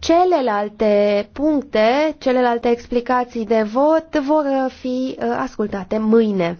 Celelalte puncte, celelalte explicații de vot vor fi uh, ascultate mâine.